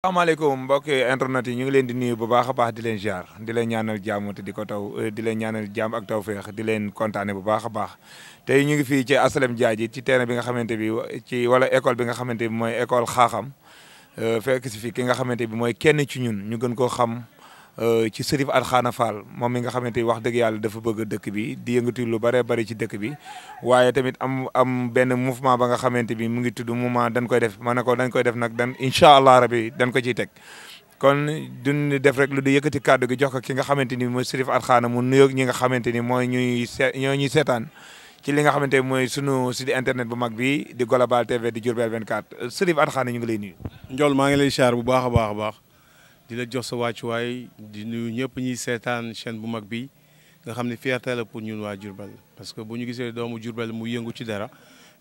asalaamaaleykum mbokki internet yi ñu ngi leen di nuyu bu baax a baax di leen ziar di leen ñaanal jàmm te di ko taw eh, di leen ñaanal jàmm ak tawféex di leen kontaane bu baax a baax tey ñu ngi fii ci asalem jaaji ci terrain bi nga xamante bi ci wala école bi nga xamante bi mooy école xaaxam eh, fekk si fi ki nga xamante bi mooy kenn ci ñun ñu gën koo xam Euh, ci Serif Alxaana Fall moom mi nga xamante ni wax dëgg yàlla dafa bëgg dëkk bi di yëngatu lu bëree bëri ci dëkk bi waaye tamit am am benn mouvement ba nga xamante bi mu ngi tudd mouvement dañ koy def ma ne dañ koy def nag dan incha allah rabi dañ ko ciy teg. kon duñ def rek lu di yëkkati kàddu gi jox ko ki nga xamante ni mooy Serif Alxaana mu nuyoog ñi nga xamante ni mooy ñuy se ñoo ñuy seetaan ci li nga xamante ni mooy sunu di internet bu mag bi di Global TV di Diourbel 24 Serif Alxaana ñu ngi lay nuyu. Ndiol maa ngi lay siyaar bu baax a baax a baax. di la jox sa wàccuwaay di nuyu ñëpp ñuy seetaan chaîne bu mag bi nga xam ne fierté la pour ñun waa Diourbel parce que bu ñu gisee doomu Diourbel mu yëngu ci dara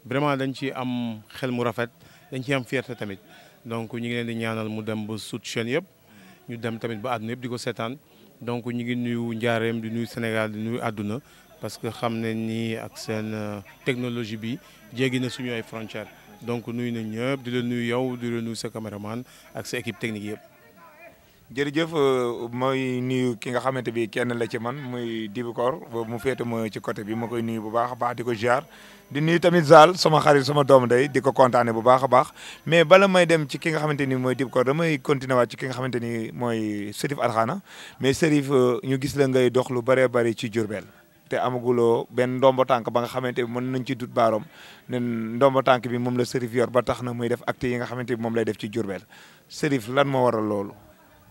vraiment dañ ci am xel mu rafet dañ ci am fierté tamit donc ñu ngi di ñaanal mu dem ba sut chaîne yëpp ñu dem tamit ba àdduna di ko seetaan donc ñu ngi nuyu njaareem di nuyu Sénégal di nuyu àdduna parce que xam ne nii ak seen euh, technologie bi jéggi na suñu ay frontières donc nuyu na ñëpp di la nuyu yow di la nuyu sa caméraman ak sa équipe technique yëpp jërëjëf euh, mooy nuyu ki nga xamante bi kenn la ci man muy Dibikor mu féete mooy ci côté bi ma koy nuyu bu baax a baax di ko ziar di nuyu tamit Zal sama xarit sama doom day di ko kontaane bu baax a baax mais bala may dem ci ki nga xamante ni mooy Dibikor damay continuer ci ki nga xamante ni mooy Serif Alxaana mais Serif euh, ñu gis la ngay dox lu bëree bëri ci Jurbel te amaguloo benn ndombo tànk ba nga xamante bi mën nañ ci dut baaroom ne ndombo tànk bi moom la Serif yor ba tax na muy def acte yi nga xamante bi moom lay def ci Jurbel Serif lan moo waral loolu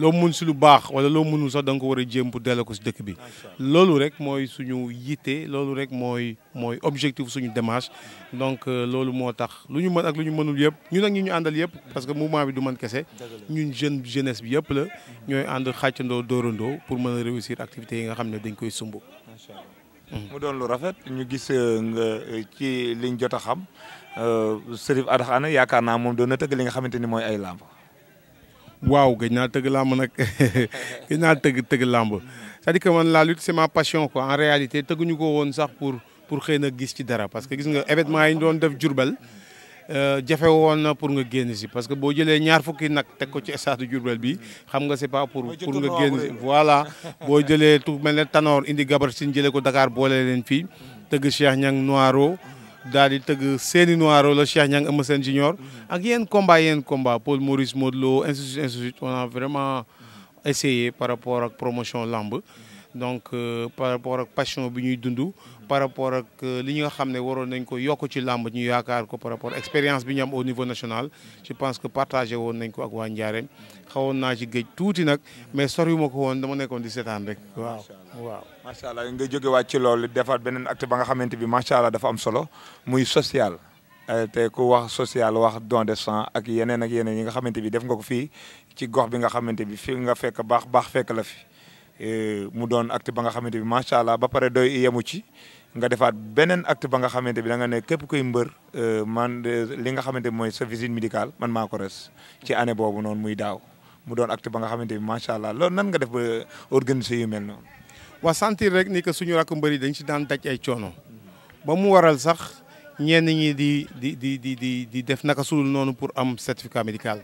loo mun si lu baax wala loo mënul sax da ko war a jéem pour delloo ko si dëkk bi loolu rek mooy suñu yitte loolu rek mooy mooy objectif suñu démarche donc euh, loolu moo tax lu ñu mën ak lu ñu mënul yëpp ñu ak ñi ñu àndal yëpp parce que mouvement bi du man kese ñun jeune jeunesse bi yëpp la mhm. ñooy ànd xàccandoo dóorandoo pour mën a réussir activités yi nga xam ne dañ koy sumb mhm. mu doon lu rafet ñu gis euh, nga euh, ci liñ jot a xam Serif Adaxana yaakaar naa moom doon na tëgg li nga xamante ni mooy ay làmb waaw gëj naa tëgg làmb nag di naa tëgg tëgg làmb cest à la lutte c'est passion quoi en réalité tëgguñu ko woon sax pour pour xëy na gis ci dara parce que gis nga événement yi ñu doon def Jurbel euh, jafe woon na pour nga génn si parce que boo jëlee ñaar fukki nag teg ko ci stade Diourbel bi xam nga c'est pas pour pour nga génn si voilà boo jëlee tu mel ne tanoor indi gabar sin jëlee ko dakaar boole leen fii tëgg Cheikh ñan Noiro daal di tëgg seeni noiro la Cheikh Niang Eumeu Sène junior mhm. ak yenn combat yenn combat Paul Maurice Modou Lo institut on a vraiment mhm. essayé par rapport ak promotion lamb mhm. donc euh, par rapport ak passion bi ñuy dund. par rapport ak euh, li nga xam ne waroon nañ ko yokk ci làmb ñu yaakaar ko par rapport expérience bi ñu am au niveau national. je pense que partagé woon nañ ko ak waa Njaareem xawoon naa ci géej tuuti nag mais soriwuma ko woon dama nekkoon di seetaan rek. waaw waaw macha allah nga jóge waat ci loolu defaat beneen acte nga xamante bi macha allah dafa am solo muy social. Euh, te ku wax social wax don de sang ak yeneen ak yeneen yi nga xamante bi def nga ko fii ci gox bi nga xamante bi fi nga fekk baax baax fekk la fi. Eh, mu doon acte ba nga xamante bi macha allah ba pare dooy yemu ci nga defaat beneen acte ba nga xamante bi da nga ne képp kuy mbër eh, man li nga xamante bi mooy sa visite médicale man maa ko res ci année boobu noonu muy daaw mu doon acte ba nga xamante bi macha allah lool nan nga def ba organiser yu mel noonu. waa sentir rek ni que suñu rakk mbër yi dañ si daan daj ay coono ba mu waral sax. ñenn ñi di di di di di di def naka sulul noonu pour am certificat médical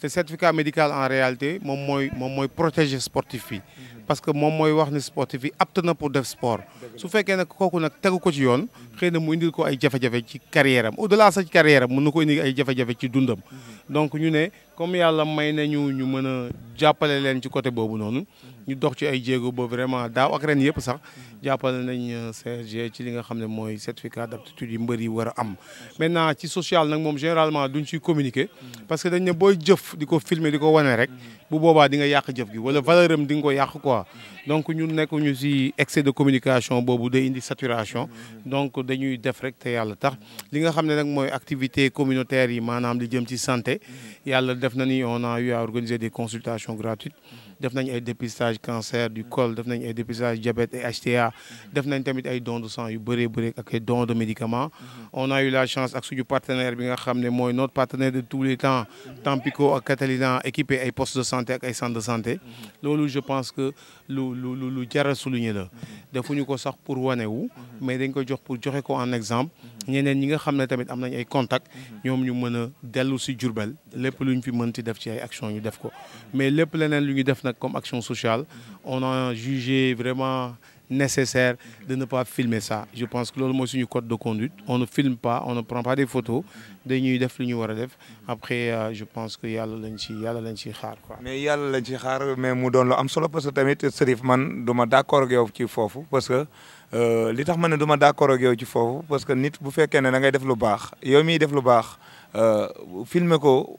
te certificat médical en réalité moom mooy moom mooy protéger sportif fi parce que moom mooy wax ni sportif bi apt na pour def sport su fekkee nag kooku nag tegu ko ci yoon xëy na mu indil ko ay jafe-jafe ci carrière am au la sa carrière mun mën na ko indi ay jafe-jafe ci dundam donc ñu ne comme yàlla may nañu ñu mën a jàppale leen ci côté boobu noonu ñu dox ci ay jéego ba vraiment daaw ak ren yépp sax jàppale nañ euh, CRG ci li nga xam ne mooy certificat d'aptitude yi mbër yi war a am maintenant ci social nag moom généralement duñ ci communiquer parce que dañ ne booy jëf di ko filmer di ko wane rek bu boobaa di nga yàq jëf gi wala valeur am di nga ko yàq quoi donc ñun nekk ñu si excès de communication boobu day indi saturation donc dañuy def rek te yàlla tax li nga xam ne nag mooy activité communautaire yi maanaam li jëm ci santé yàlla def na ni on a eu à organiser des consultations gratuites def nañ ay dépistage cancer du col def nañ ay dépistage diabète et HTA def nañ tamit ay dons de sang yu bëree bëri ak ay dons de médicaments on a eu la chance ak suñu partenaire bi nga xam ne notre partenaire de tous les temps Tampico ak Catalina équipé ay postes de santé ak ay centres de santé loolu je pense que lu lu lu lu jar a souligner la defuñu ko sax pour wane wu mais dañ ko jox pour joxe ko en exemple ñeneen ñi nga xam ne tamit am nañ ay contacts ñoom ñu mën a dellu si Diourbel lépp lu ñu fi mën ci def ci ay actions ñu def ko mais lépp leneen lu def comme action sociale on a jugé vraiment nécessaire de ne pas filmer ça je pense que loolu mooy suñu code de conduite on ne filme pas on ne prend pas des photos de def li def après euh, je pense que le lañ ci y a ci xaar quoi. mais il y ci le mais mu mais nous am solo parce que tamit Serif man du ma d' accord que yow ci foofu parce que euh, li tax ma ne du ma accord ci parce que nit bu fekkee ne da ngay def lu baax yow miy def lu baax euh, filmer ko.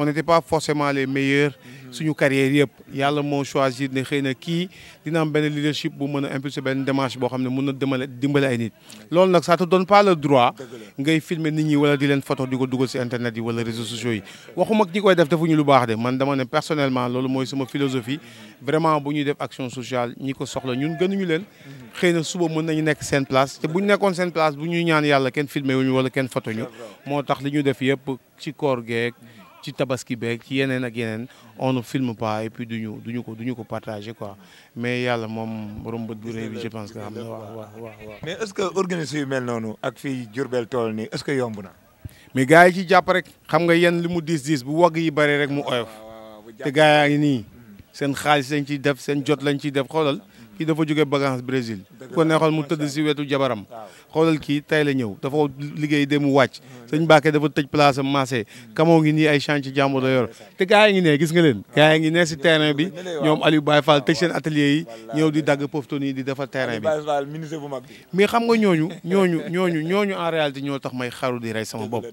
on n'était pas forcément les meilleurs suñu carrière yëpp yàlla moo choisir ne xëy na kii dina am benn leadership bu mën a impulser benn démarche boo xam ne mën na demale dimbale nit loolu nag ça te donne pas le droit ngay filmer nit ñi wala di leen photo di ko dugal si internet yi wala réseaux sociaux yi waxuma ak ñi koy def defuñu lu baax de man dama ne personnellement loolu mooy sama philosophie vraiment bu ñuy def action sociale ñi ko soxla ñun gënuñu leen xëy na suba mën nañu nekk seen place te bu ñu nekkoon seen place bu ñuy ñaan yàlla kenn filmer wuñu wala kenn photo ñu moo tax li ñu def yëpp ci koor geek ci tabaski beeg ci yeneen ak yeneen on ne filme pas et puis duñu duñu ko duñu ko partagé quoi mais yàlla moom borom bët bu rëy bi je pense que xam na waaw waaw mais est ce que organisé yu mel noonu ak fi Jurbel tool nii est ce que yomb na. mais gars yi ci jàpp rek xam nga yen li mu diis diis bu wagg yi bari rek mu oyof te gars yaa ngi nii hmm. seen xaalis lañ ciy def seen jot lañ ciy def xoolal. kii dafa jóge vacances Brésil ko neexoon mu tëdd si wetu jabaram xoolal kii tay la ñëw dafa liggéey demu wàcc mm-hmm. sëñ Mbacke dafa tëj place am maasee mm-hmm. ngi nii ay chantier jàmbur la yor te gars yi ngi ne gis nga leen ah. gars yi ngi ne si terrain bi ñoom Aliou Baye Fall tëj ah, seen atelier yi ñëw di dagg pofton yi di defar terrain bi mais xam nga ñooñu ñooñu ñooñu ñooñu en réalité ñoo tax may xaru di rey sama bopp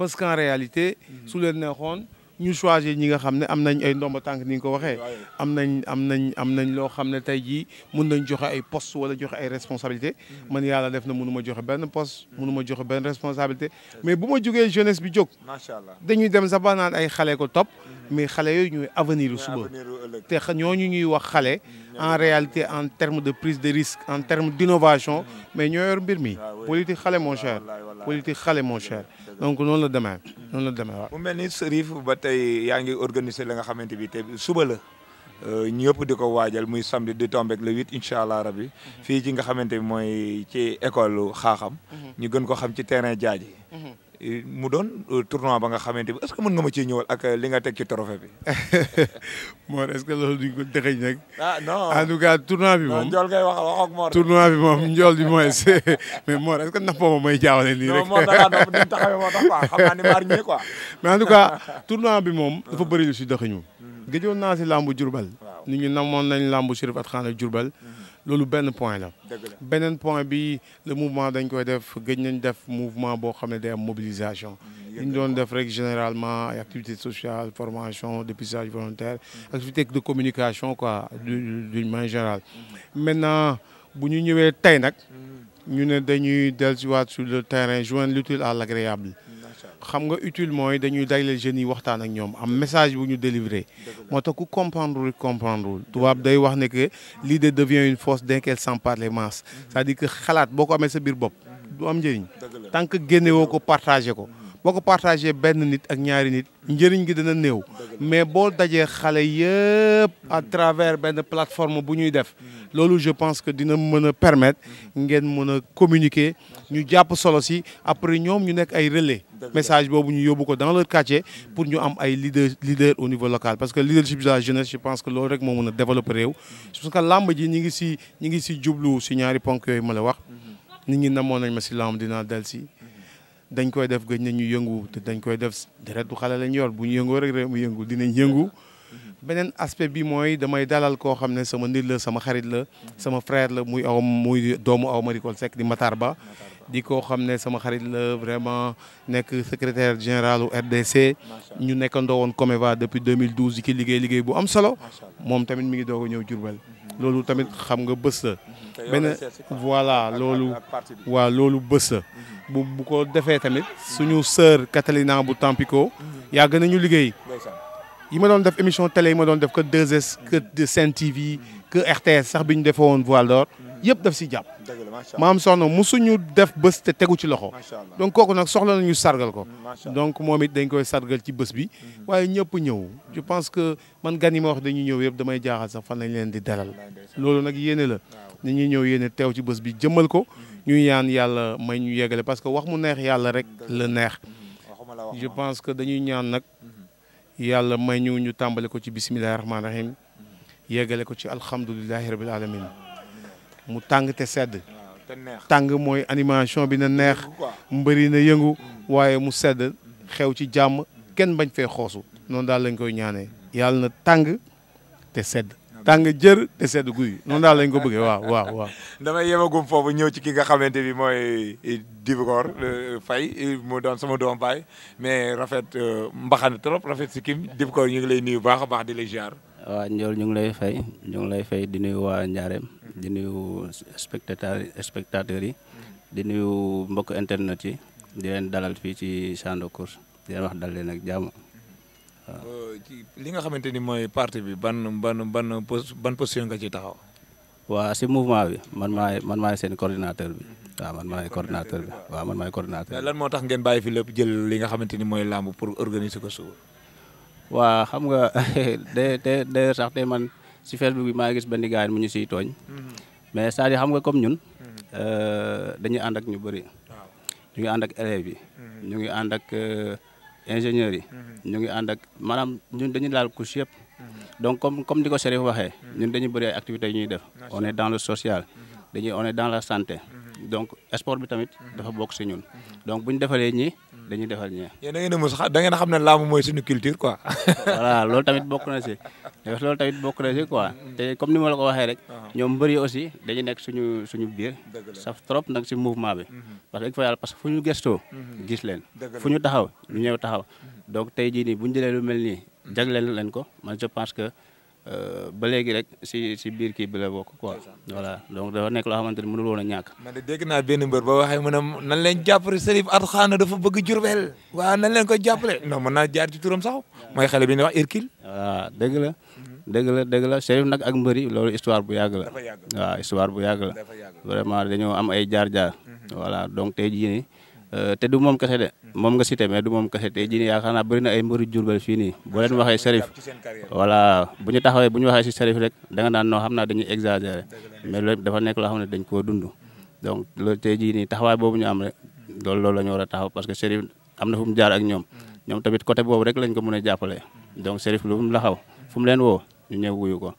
parce qu'en réalité mm-hmm. su leen neexoon ñu choisir ñi nga xamné ne am nañ ay ndomba tank ni ko waxé am nañ am nañ am nañ loo xam ne tey jii nañ joxe ay poste wala joxe ay responsabilité hmm. man yalla def na mënuma ma joxe benn poste mënuma hmm. ma joxe benn responsabilité mais buma ma jeunesse bi jóg macha allah dañuy dem sa banane ay xalé ko top hmm. mais xalé yoy ñuy avenir lu suba te ñooñu ñuy wax xalé en réalité en terme de prise de risque en terme d'innovation mais ñoo yor mbir mi ah politique xalé mon cher politique xalé mon cher donc noonu la demee noonu la demee waaw. mu mel ni Serif ba tey yaa ngi organiser la nga xamante bi te suba la. Euh, ñëpp di ko waajal muy samedi di tombe ak le huit allah rab rabi. Mhm. fii ci nga xamante bi mooy ci école xaaxam. Mhm. ñu gën ko xam ci terrain jaaji. mu doon euh, tournoi ba nga xamante bi est-ce que mën nga ma cee ñëwal ak euh, li nga teg ci trophée bi. Mor est-ce que loolu duñ ko dëxëñ nag. ah non en tout tournoi bi moom. Ndiol ngay bi moom Ndiol bi mooy moom may jaawale rek. non Mor moo tax quoi xam naa ni maar ñii quoi. mais tournoi bi moom. dafa bëri lu si dëxëñu. Hmm. gëjoon naa si làmbu Jurbel. waaw nit ñi namoon nañ làmbu Chérif Atkhana Jurbel. Hmm. loolu benn point la benen point bi le mouvement dañ koy def gëj nañ def mouvement de xamné day am mobilisation mm-hmm. ñu doon def rek généralement ay activité sociale formation dépistage volontaire mm-hmm. activité de communication quoi d'une manière générale mm-hmm. maintenant bu ñu ñëwé tay nous ñu né dañuy dellusiwaat sur le terrain joindre l'utile à l'agréable xam nga utile mooy dañuy dajale jeunes yi waxtaan ak ñoom am message bu ñu délivrer moo tax ku comprendre. Tu tubaab day wax ne que l'idée devient une force dès qu'elle s'empare les masse. c'est-à-dire que xalaat boo ko amee sa biir bopp du am njëriñ tant que génne woo ko partagé ko boo ko partagé benn nit ak ñaari nit njëriñ gi dana néew mais boo dajee xale yëpp à travers benn plateforme bu ñuy def loolu je pense que dina mën a permettre ngeen mën a communiquer ñu jàpp solo si après ñoom ñu nekk ay relais message boobu ñu yóbbu ko dans leur quartier pour ñu am ay leader leader au niveau local parce que leadership de la jeunesse je pense que loolu rek moo mën a développer réew parce que làmb ji ñi ngi si ñi ngi si jublu si ñaari ponk yooyu ma la wax mhm. nit ñi namoon nañ ma si làmb dinaa del si mhm. dañ koy def gëj na ñu yëngu te dañ koy def deret du xale lañ yor bu ñu yëngoo rek réew mu yëngu dinañ yëngu mhm. beneen aspect bi mooy damay dalal koo xam ne sama nit sama xarit la sama frère la muy aw muy doomu aw Maricol di Matar di koo xam ne sama xarit la vraiment nekk secrétaire général u RDC ñu nekkandoo woon Comeva depuis 2012 di ki liggéey liggéey bu am solo moom tamit mi ngi doog a ñëw Diourbel mhm. loolu tamit xam nga bës la mhm. voilà loolu waaw loolu bës la mhm. bu bu ko defee tamit suñu sœur Catalina bu Tampico yaa gën a ñu liggéey yi ma doon def émission télé yi ma doon def que 2S que Sen TV que RTS sax bi ñu defee woon d'Or yëpp daf si jàpp maam soxna musuñu def bés tegu ci loxo donc kooku nag soxla nañu sargal ko donc moom it dañ koy sargal ci bës bi mhm. waaye ñëpp ñëw je pense que man gan yi ma wax dañuy ñëw yëpp damay jaaxal sax fan lañ leen di dalal loolu nag yéene la ni ñuy ñëw yéene teew ci bës bi jëmmal ko mhm. ñu ñaan yàlla may ñu yeggale parce que wax mu neex yàlla rek la neex mhm. je pense que dañuy ñaan nag yàlla may ñu ñu tàmbale ko ci bisimilahi rahmaani rahim yeggale ko ci alhamdulilahi rabil alamin mu tàng te sedd. tàng mooy animation bi na neex. mbëri na yëngu. Mm. waaye mu sedd xew ci jàmm kenn bañ fee xoosu. noonu daal lañ koy ñaanee yàlla na tàng te sedd. tàng jër te sedd guy noonu daal lañ ko bëggee waaw waaw waaw. damay yemagum foofu ñëw ci ki nga xamante bi mooy Dibakor euh, Faye mu doon sama doom baay mais rafet euh, mbaxane trop rafet si kim Dibakor ñu ngi lay nuyu baax a baax di lay ziar. waa Ndiol ñu ngi lay fay ñu ngi lay fay di nuyu waa Njaareem di nuyu spectateur spectateurs yi di nuyu mbokk internet yi di leen dalal fii ci champ de course di wax dal leen ak jàmm waaw. Oh, li nga xamante ni mooy parti bi ban ban ban ban position nga ci taxaw. waa si mouvement bi man maay man maay seen coordinateur bi waaw man maay coordinateur bi waaw man maay coordinateur bi. lan moo tax ngeen bàyyi fi lépp jël li nga xamante ni mooy làmb pour organiser ko suba. wa xam nga de de day sax tey man si facebook bi maa gis benn gars mu ñu siy tooñ mhm. mais c'est-à-dire xam nga comme ñun mhm. euh, dañuy ànd ak ñu bëri ñu ngi ànd ak élèves yi mhm. ñu ngi ànd ak euh, ingénieurs yi ñu ngi ànd ak maanaam ñun dañuy laal couche yëpp donc comme comme di ko Chérif waxee ñun dañuy bëri ay activités yu ñuy def on est dans le social dañuy on est dans la santé donc sport bi tamit dafa bokk si ñun donc bu ñu ñi dañuy defal ñee yéen da ngeen a mos da ngeen a xam ne laamu mooy suñu culture quoi voilà loolu tamit bokk na si loolu tamit bokk na si quoi mm. te comme ni ma ko waxee rek ah. ñoom mbër aussi dañuy nekk suñu biir saf trop nag si mouvement bi mm-hmm. parce que fa ñu gëstoo mm-hmm. gis leen fu ñu taxaw ñu ñëw taxaw mm-hmm. donc tey jii nii bu ñu lu mel nii jagleel leen ko man je pense que Euh, ba léegi rek si si biir kii bi la bokk quoi voilà donc dafa nekk loo xamante ni mënul woon a ñàkk. man dégg naa benn mbër ba waxee mu ne nan leen jàppale Serif Atxaana dafa bëgg Jurbel waaw nan leen ko jàppale non mën naa jaar ci turam sax mooy xale bi ñuy wax Hercule. waaw dëgg la. Mm-hmm. dëgg la dëgg la Serif nag ak mbëri loolu histoire bu yàgg la. waaw histoire bu yàgg la. vraiment dañoo am ay jaar-jaar. Mm-hmm. voilà donc tey jii Euh, te du moom kese de moom nga cité mais du moom kese tey jii nii yaakaar naa bëri na ay mbëri Jurbel fii nii boo leen waxee Cherif voilà bu ñu taxawee bu ñu waxee si Cherif rek da naan noo xam na dañuy exagéré mais loolu dafa nekk loo ne dañ koo dund donc loolu tey jii nii taxawaay boobu ñu am rek loolu loolu ñu war a taxaw parce que Cherif am na fu mu jaar ak ñoom mm. ñoom tamit côté boobu rek lañ ko mën a jàppale donc Cherif lu mu la xaw fu mu leen woo ñu ñëw wuyu ko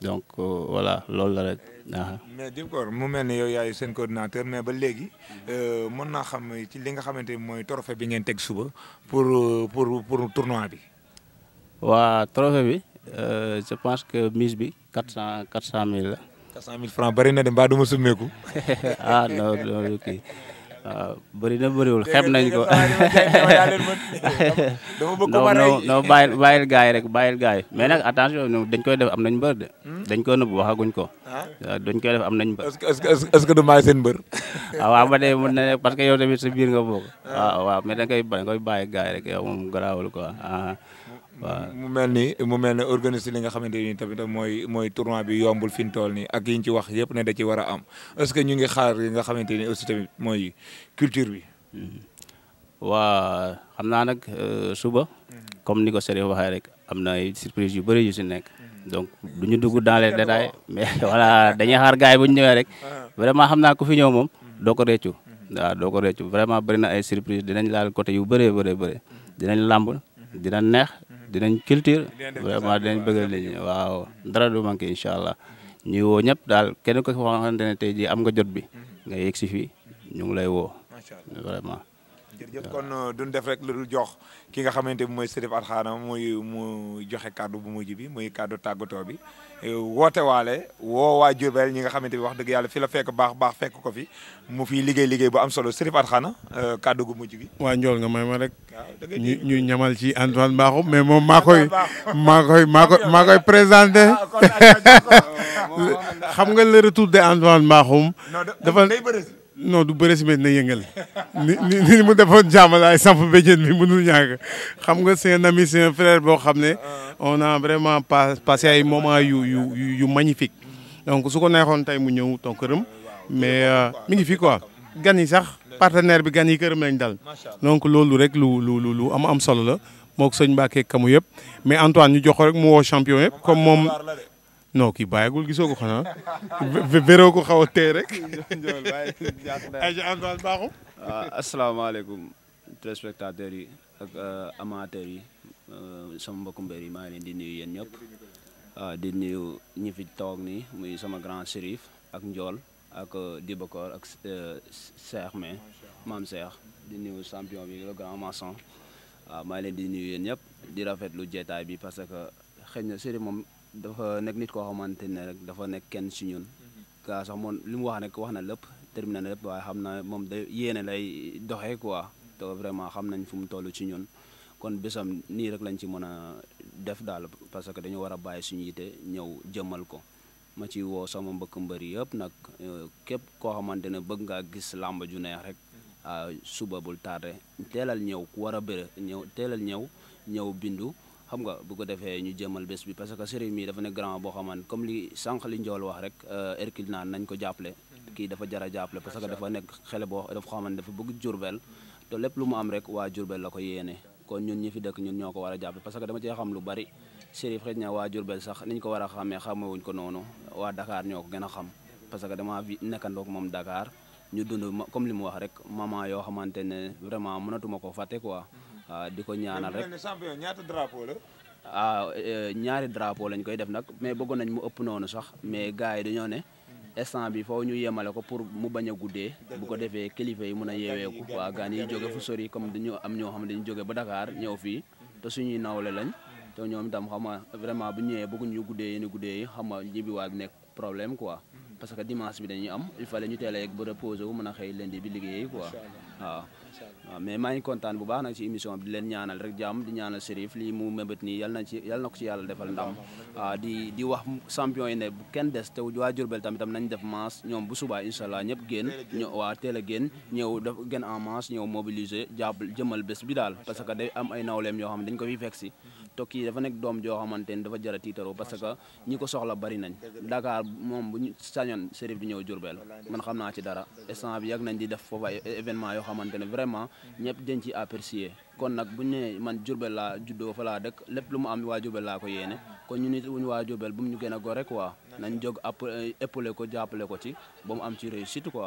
donc euh, voilà loolu la rek. Ah. mais Dibkor mu mel ne yow yaay seen coordinateur mais ba léegi euh, mën naa xam ci li nga xamante ni mooy trophée bi ngeen teg suba pour euh, pour pour tournoi bi. waa trophée bi je pense que mise bi quatre cent quatre cent mille la. quatre cent mille francs bari na de mbaa du ma summeeku. ah non non kii. waaw ah, bëri na bëriwul xeeb nañ ko non non non bàyyil bàyyil yi rek bàyyil gars yi mais nag attention dañ koy def am nañ mbër de hmm? dañ ko nëbb waxaguñ ko ah? Ah, dañ koy def am nañ mbër est-ce que du maay seen mbër a waaw ba dee mën parce que yow tamit sa biir nga bokk waaw waaw mais da koy da koy bàyyi gars rek yow moom garaawul quoi waaw mu mel ni mu mel ni organise li nga xamante ni tamit mooy mooy tournoi bi yombul fi mu toll nii ak yi ñu ci wax yëpp ne da ci war a am est-ce que ñu ngi xaar yi nga xamante ni aussi tamit mooy culture bi. waa xam naa nag euh, suba. comme ni ko Serigne waxee rek am na ay surprise yu bëri yu si nekk. donc du ñu dugg dans les détails mais voilà dañuy xaar gars yi bu ñu ñëwee rek. vraiment xam naa ku fi ñëw moom doo ko réccu. waaw doo ko réccu vraiment bëri na ay surprise dinañ laal côté yu bëree bëri bëri dinañ làmb dinañ neex dinañ culture vraiment dinañ bëgg liñ waaw dara du manqué incha allah ñuy woo ñëpp daal kenn ko xamante ne tey am nga jot bi nga yegg si ñu ngi lay woo. macha allah vraiment. jërëjëf kon euh, duñ def rek lu dul jox ki nga xamante bi mooy Cherif Atkhana muy mu joxe kàddu bu mujj bi muy kàddu tàggatoo bi euh, woote waale woo waa Diourbel ñi nga xamante bi wax dëgg yàlla fi la fekk baax baax fekk ko fi mu fi liggéey liggéey bu am solo Cherif Atkhana euh, kàddu gu mujj bi. waa njool nga may ma rek. ñu ñu ñamal ci Antoine Bakhoum mais moom maa koy. maa koy maa koy maa présenté. Ah, xam nga le retour de Antoine Bakhoum. non du bëre ci mais dina yëngal ni ni mu defoon jaamalaay samp béjjén bi mënul ñàkk xam nga c'est un ami c'est un frère boo xam ne ah. on a vraiment pas passé ay moments yu yu yu magnifique donc su ko neexoon tey mu ñëw ton këram mais euh, mi ngi fi quoi gan yi sax partenaire bi gan yi këram lañ dal donc loolu rek lu lu lu lu am am solo la mook sëñ Mbacke kamu yëpp mais Antoine ñu jox rek mu woo champion yëpp comme moom non kii bàyyagul gisoo ko xanaa véroo ko xaw a tee rek. waaw ah, asalaamaaleykum téléspectateurs yi ak euh, amateur yi euh, sama mbokku mbër yi maa leen di nuyu yéen ñëpp ah, di nuyu ñifi fi toog nii muy sama grand shérif ak njool ak euh, Dibakor ak Cheikh mais maam Cheikh di nuyu champion bi le grand maçon waaw ah, maa leen di nuyu yéen ñëpp di rafetlu jeetaay bi parce que xëy na shérif moom. dafa nekk nit koo xamante ne rek dafa nekk kenn si ñun. Mm-hmm. kaa sax moom li mu wax rek wax na lépp terminé na lépp waaye xam na moom day yéene lay doxee quoi te vraiment xam nañ fu mu toll ci ñun. kon bésam nii rek lañ ci mën a def daal parce que dañu war a bàyyi suñu yite ñëw jëmal ko ma ci woo sama mbëkk mbër yëpp nag euh, képp koo xamante ne bëgg ngaa gis làmb ju neex rek. Mm-hmm. Euh, suba bul tardé teelal ñëw ku war a bëre ñëw teelal ñëw ñëw bindu. xam nga bu ko defee ñu jëmal bés bi parce que sëriñ mi dafa ne grand boo xamante comme li sànq li njool wax rek euh, Hercule naan nañ ko jàppale mm. kii dafa jar a jàppale parce que dafa nekk xele boo dafa dafa bëgg Jurbel te lépp lu mu am rek waa Jurbel la ko yéene kon ñun ñi fi dëkk ñun ñoo ko war a jàppale parce que dama cee xam lu bari Chérif xëy na waa Jurbel sax niñ ko war a xamee xamewuñ ko noonu waa Dakar ñoo ko gën a xam parce que dama fi nekkandoog moom dakaar ñu dund comme li mu wax rek maman yoo xamante ne vraiment mënatuma ko fàtte quoi Ah, di ko ñaanal rek ñaata drapeau la. ah eh, ñaari drapo lañ koy def nag mais bëggoon nañ mu ëpp noonu sax mais gars yi dañoo ne instant bi foofu ñu yemale ko pour mu bañ a guddee bu ko defee kilifa yi mun a yeeweeku waa gaan yi jóge fu sori comme dañu am ñoo xam ne dañu jóge ba Dakar ñëw fii te suñuy nawle lañ te ñoom itam xam nga vraiment bu ñëwee bëgguñ ñu guddee ne guddee yi xam nga ñibbiwaay bi nekk problème quoi parce que dimanche bi dañuy am il fallait ñu télé ak bu reposé wu mëna xëy lendi bi liggéey quoi waaw waaw mais maa ngi kontaan bu baax nag ci émission bi di len ñaanal rek jàmm di ñaanal Serif li mu mébét ni yalla na ci yalla nako ci yàlla defal ndam ah di di wax champion yi ne bu kenn dess te wa Jurbel tamit tam nañ def masse ñom bu suba inshallah ñep ñëpp génn ñëw waa teel génn ñëw def génn en masse ñëw mobiliser jàpp jëmal bés bi dal parce que day am ay nawlem yo xam dañ ko fi fexi te kii dafa nekk doom joo xamante ni dafa jara a tiitaroo parce que ñi ko soxla bari nañ dakaar moom bu ñu sañoon Cherif di ñëw Diourbel man xam naa ci dara instant bi yàgg nañ di def foofu ay événement yoo xamante ne vraiment ñëpp dañ ci apprécier kon nag bu ñu nee man Jurbel laa juddoo fa laa dëkk lépp lu mu am waa Jurbel laa ko yéene kon ñu nit wuñu waa Jurbel bu mu ñu gën a gore quoi nañ jóg app épaulé ko jàppale ko ci ba mu am ci réussite quoi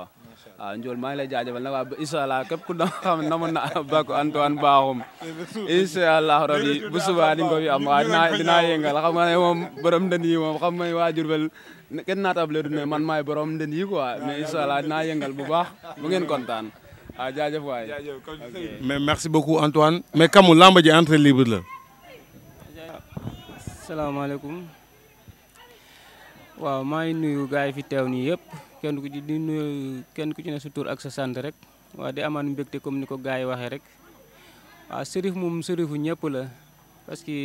waaw Njool maa lay jaajëfal nag waa ba incha allah képp ku na xam namoon na Bako Antoine Bakhoum incha allah rabbi bu subaa di ko fi am waa dinaa dinaa yëngal xam nga ne moom borom ndënd yi moom xam nga waa Jurbel kenn naatable du ne man maay borom ndënd yi quoi mais incha allah dinaa yëngal bu baax bu ngeen kontaan ah jaajëf waay jaajëf kon mais merci beaucoup Antoine. mais kamu lamba ji entrée libre la. salaamaaleykum. waaw maa ngi nuyu gars yi fi teew nii yëpp kenn ku ci di nuyu kenn ku ci ne sa tur ak sa sant rek waaw di amaan mbégte comme ni ko gars yi waxee rek waaw sërif moom sërifu ñëpp la parce que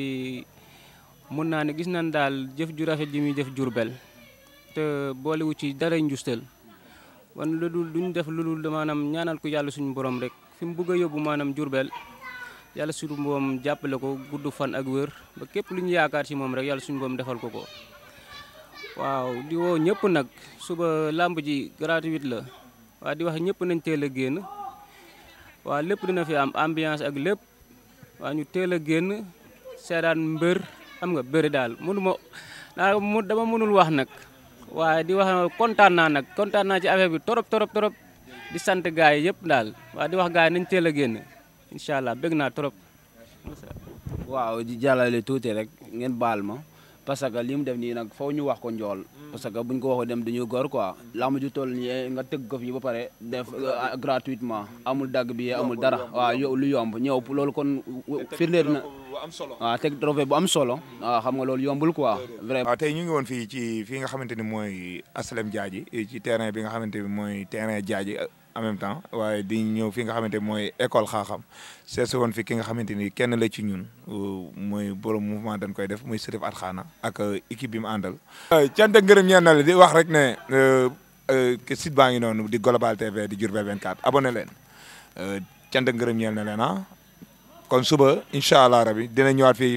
mun naa ne gis nañ daal jëf ju rafet ji muy jëf Jurbel te boolewu ci dara njustal wan lu dul ñu def lu dul maanaam ñaanal ko yàlla suñu borom rek fi mu bëgg a yóbbu maanaam Jurbel yàlla suñu boom jàppale ko gudd fan ak wër ba képp lu ñu yaakaar ci moom rek yàlla suñu boom defal ko ko. waaw di woo ñëpp nag suba làmb ji gratuite la waa di wax ñëpp nañ teel a génn waa lépp dina fi am ambiance ak lépp waa ñu teel a génn seedaan mbër xam nga bëri daal mënuma dama mënul wax nag. waaye di wax kontaan naa nag kontaan naa ci affaire bi torop torop torop di sant gars yi yëpp daal waaw di wax gars nañ teel a génn incha allah bëgg naa torop. waaw di jàllale tuuti rek ngeen baal ma parce que li mu def nii nag foo ñu wax ko njool parce que buñ ko waxoo dem dañuy gor quoi lamb ju toll nii nga tëgg ko fi ba pare def euh, gratuitement amul dagg bi amul dara waaw lu yomb ñëw loolu kon firndeer na. am solo waaw ah, teg trophée bu am solo. waaw ah, xam nga loolu yombul quoi. vraiment waaw ah, tey ñu ngi woon fii ci fi nga xamante ni mooy Aslem Diadji ci terrain bi nga xamante ni mooy terrain Diadji euh, en même temps waaye di ñëw fi nga xamante mooy école xaaxam seet woon fi ki nga xamante ni kenn la ci ñun euh, mooy borom mouvement dañ koy def mooy Serif Atxaana ak euh, équipe bi mu àndal. cant ak ñeen na la di wax rek ne site baa ngi noonu di Global TV di Diourbel 24 abonné leen cant ak ngërëm ñeen na leen ah. kon suba incha allah rabi dina ñëwaat fii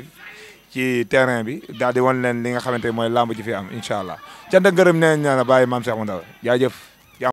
ci terrain bi daal di wan leen li nga xamante mooy làmb ji fi am incha allah cant ak ngërëm nee na bàyyi maam Cheikh Moundaw jaajëf